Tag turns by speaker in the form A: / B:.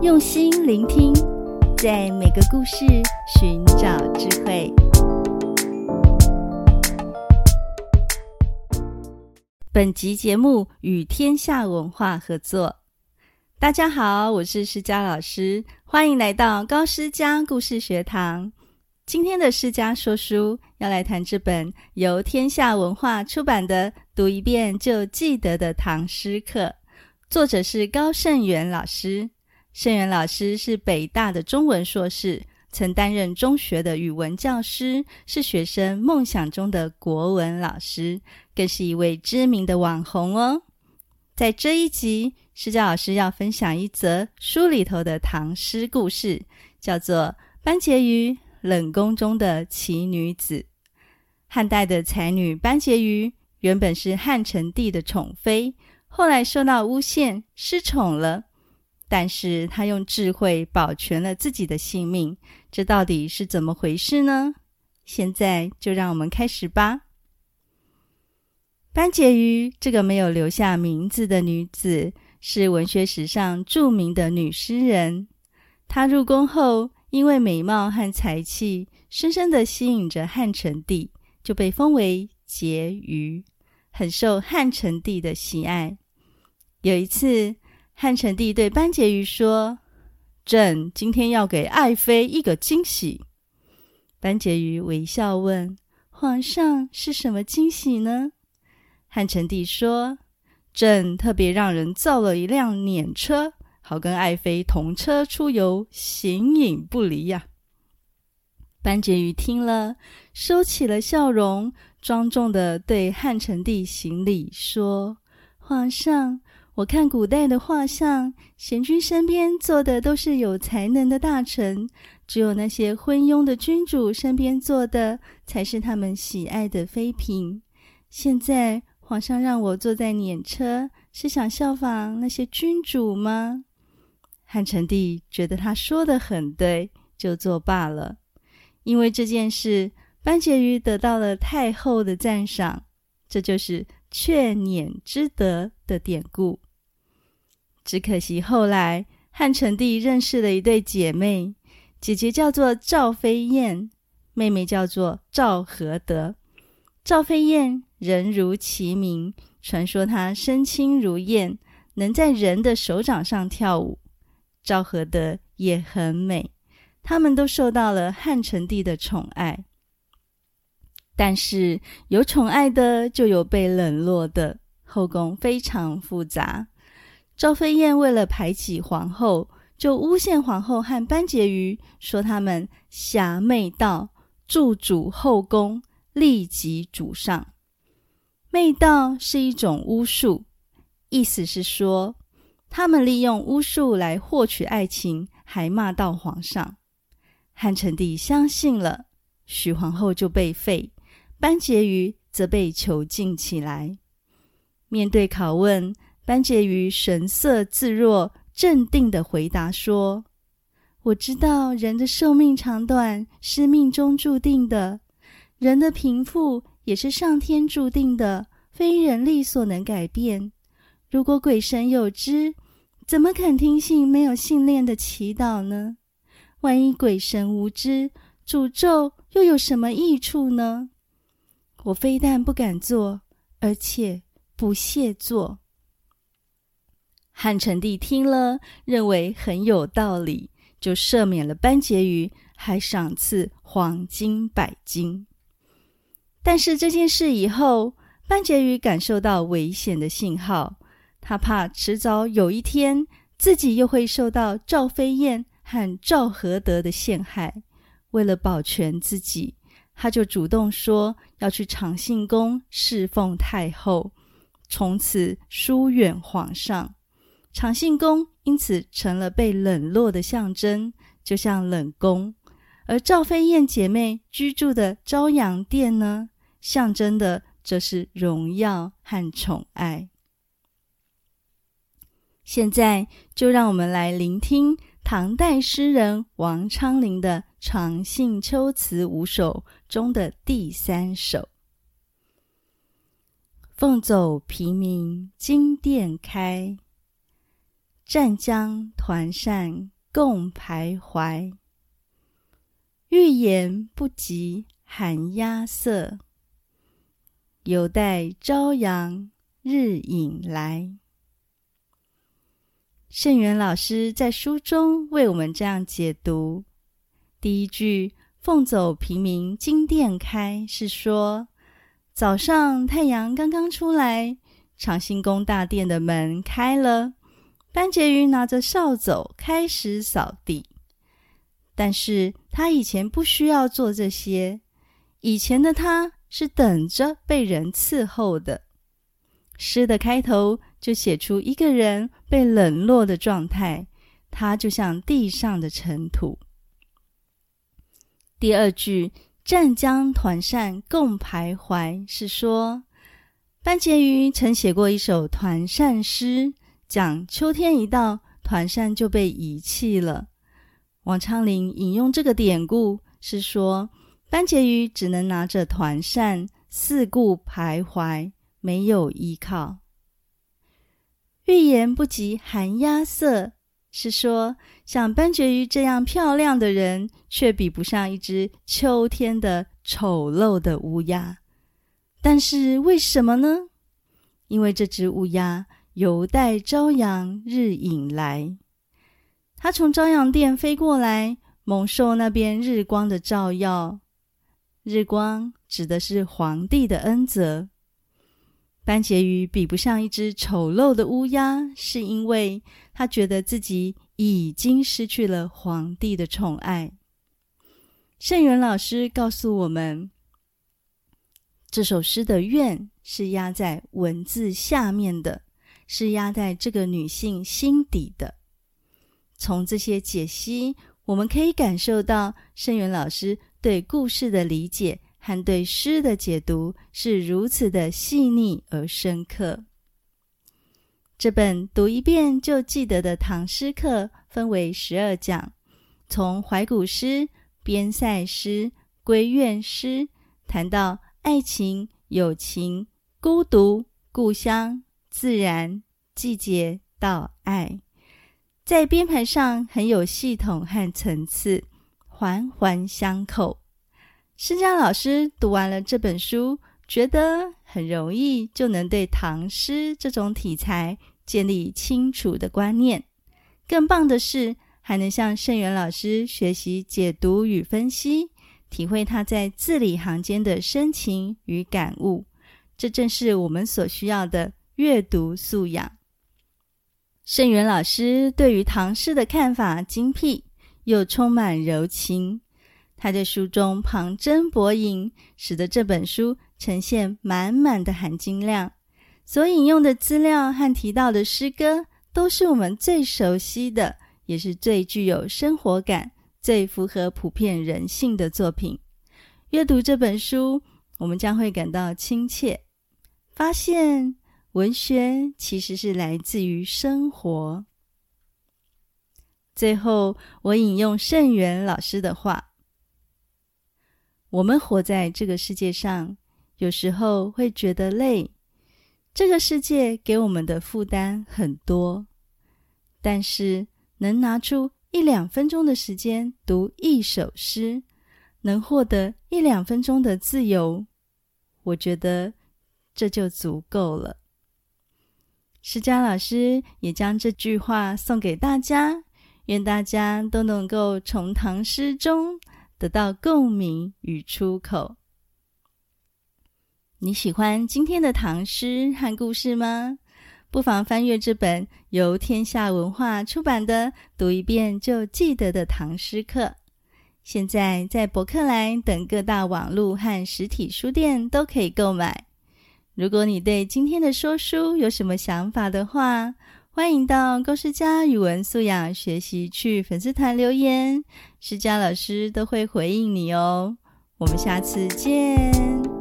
A: 用心聆聽，在每個故事尋找智慧。本集節目與天下文化合作。大家好，我是詩佳老師，歡迎來到高詩佳故事學堂。今天的詩佳說書要來談這本由天下文化出版的《讀一遍就記得的唐詩課》，作者是高盛元老師。盛元老師是北大的中文碩士，曾擔任中學的語文教師，是學生夢想中的國文老師，更是一位知名的網紅哦。在這一集，詩佳老師要分享一則書裡頭的唐詩故事，叫做《班婕妤冷宮中的奇女子》。漢代的才女班婕妤原本是漢成帝的寵妃，後來受到誣陷，失寵了。但是他用智慧保全了自己的性命，這到底是怎麼回事呢？現在就讓我們開始吧。班婕妤這個沒有留下名字的女子，是文學史上著名的女詩人。她入宮後，因為美貌和才氣，深深地吸引着漢成帝，就被封為婕妤，很受漢成帝的喜愛。有一次，漢成帝對班婕妤說：“朕今天要給愛妃一個驚喜。”班婕妤微笑問：“皇上是什麼驚喜呢？”漢成帝說：“朕特別讓人造了一輛輦車，好跟愛妃同車出遊，形影不離呀。”班婕妤聽了，收起了笑容，莊重地對漢成帝行禮說：“皇上。”我看古代的畫像，賢君身邊坐的都是有才能的大臣，只有那些昏庸的君主身邊坐的才是他們喜愛的妃嬪。現在皇上讓我坐在輦車，是想效仿那些君主嗎？漢成帝覺得他說得很對，就作罷了。因為這件事，班婕妤得到了太後的讚賞，這就是“卻輦之德”的典故。只可惜後來漢成帝認識了一對姐妹，姐姐叫做趙飛燕，妹妹叫做趙合德。趙飛燕人如其名，傳說她身輕如燕，能在人的手掌上跳舞。趙合德也很美，他們都受到了漢成帝的寵愛。但是有寵愛的就有被冷落的，後宮非常複雜。趙飛燕為了排擠皇後，就誣陷皇後和班婕妤說他們挾媚道，祝詛後宮，詈及主上。媚道是一種巫術，意思是說他們利用巫術來獲取愛情，還罵到皇上。漢成帝相信了，許皇後就被廢，班婕妤則被囚禁起來，面對拷問，班婕妤神色自若、鎮定地回答說：“我知道人的壽命長短是命中注定的，人的貧富也是上天注定的，非人力所能改變。如果鬼神有知，怎麼肯聽信沒有信念的祈禱呢？萬一鬼神無知，詛咒又有什麼益處呢？我非但不敢做，而且不屑做。”漢成帝聽了，認為很有道理，就赦免了班婕妤，還賞賜黃金百斤。但是這件事以後，班婕妤感受到危險的信號，她怕遲早有一天自己又會受到趙飛燕和趙合德的陷害，為了保全自己，她就主動說要去長信宮侍奉太後，從此疏遠皇上。長信宮因此成了被冷落的象徵，就像冷宮；而趙飛燕姐妹居住的昭陽殿呢，象徵的則是榮耀和寵愛。現在就讓我們來聆聽唐代詩人王昌齡的《長信秋詞五首》中的第三首：“奉帚平明金殿開。”暫將團扇共徘徊，玉顏不及寒鴉色，猶帶昭陽日影來。盛元老師在書中為我們這樣解讀：第一句“奉帚平明金殿開”是說，早上太陽剛剛出來，長信宮大殿的門開了。班婕妤拿着掃帚開始掃地，但是她以前不需要做這些，以前的她是等着被人伺候的。詩的開頭就寫出一個人被冷落的狀態，他就像地上的塵土。第二句“暫將團扇共徘徊”是說班婕妤曾寫過一首團扇詩。講秋天一到，團扇就被遺棄了。王昌齡引用這個典故，是說班婕妤只能拿着團扇四顧徘徊，沒有依靠。玉顏不及寒鴉色，是說像班婕妤這樣漂亮的人，卻比不上一隻秋天的醜陋的烏鴉。但是為什麼呢？因為這隻烏鴉。猶帶昭陽日影來。他從昭陽殿飛過來，蒙受那邊日光的照耀。日光指的是皇帝的恩澤。班婕妤比不上一隻醜陋的烏鴉，是因為她覺得自己已經失去了皇帝的寵愛。盛元老師告訴我們，這首詩的“怨”是壓在文字下面的。是壓在這個女性心底的。從這些解析，我們可以感受到盛元老師對故事的理解和對詩的解讀是如此的細膩而深刻。這本讀一遍就記得的唐詩課分為十二講，從懷古詩、邊塞詩、閨怨詩，談到愛情、友情、孤獨、故鄉。自然季節到愛，在編排上很有系統和層次，環環相扣。詩佳老師讀完了這本書，覺得很容易就能對唐詩這種題材建立清楚的觀念。更棒的是，還能向盛元老師學習解讀與分析，體會他在字裡行間的深情與感悟。這正是我們所需要的。閱讀素養，盛元老師對於唐詩的看法精闢又充滿柔情。他在書中旁徵博引，使得這本書呈現滿滿的含金量。所引用的資料和提到的詩歌，都是我們最熟悉的，也是最具有生活感、最符合普遍人性的作品。閱讀這本書，我們將會感到親切，發現。文學其實是來自於生活。最後，我引用盛元老師的話：“我們活在這個世界上，有時候會覺得累，這個世界給我們的負擔很多。但是，能拿出一兩分鐘的時間讀一首詩，能獲得一兩分鐘的自由，我覺得這就足夠了。”詩佳老師也將這句話送給大家，願大家都能夠從唐詩中得到共鳴與出口。你喜歡今天的唐詩和故事嗎？不妨翻閱這本由天下文化出版的《讀一遍就記得的唐詩課》，現在在博客來等各大網絡和實體書店都可以購買。如果你對今天的說書有什麼想法的話，歡迎到龔詩佳語文素養學習去粉絲團留言，詩佳老師都會回應你哦。我們下次見。